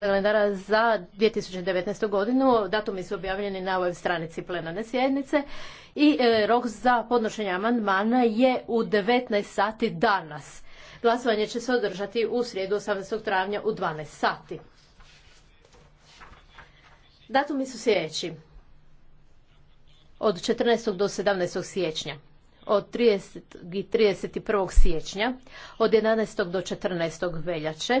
kalendara za 2019. godinu. Datumi su objavljeni na web stranici plenarne sjednice i e, rok za podnošenje amandmana je u 19 sati danas. Glasovanje će se održati u srijedu 18. travnja u 12 sati. Datumi su sljedeći. Od 14. do 17. siječnja od 30. i 31. siječnja, od 11. do 14. veljače,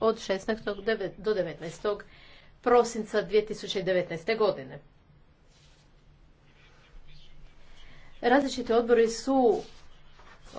od 16. do 19. prosinca 2019. godine. Različiti odbori su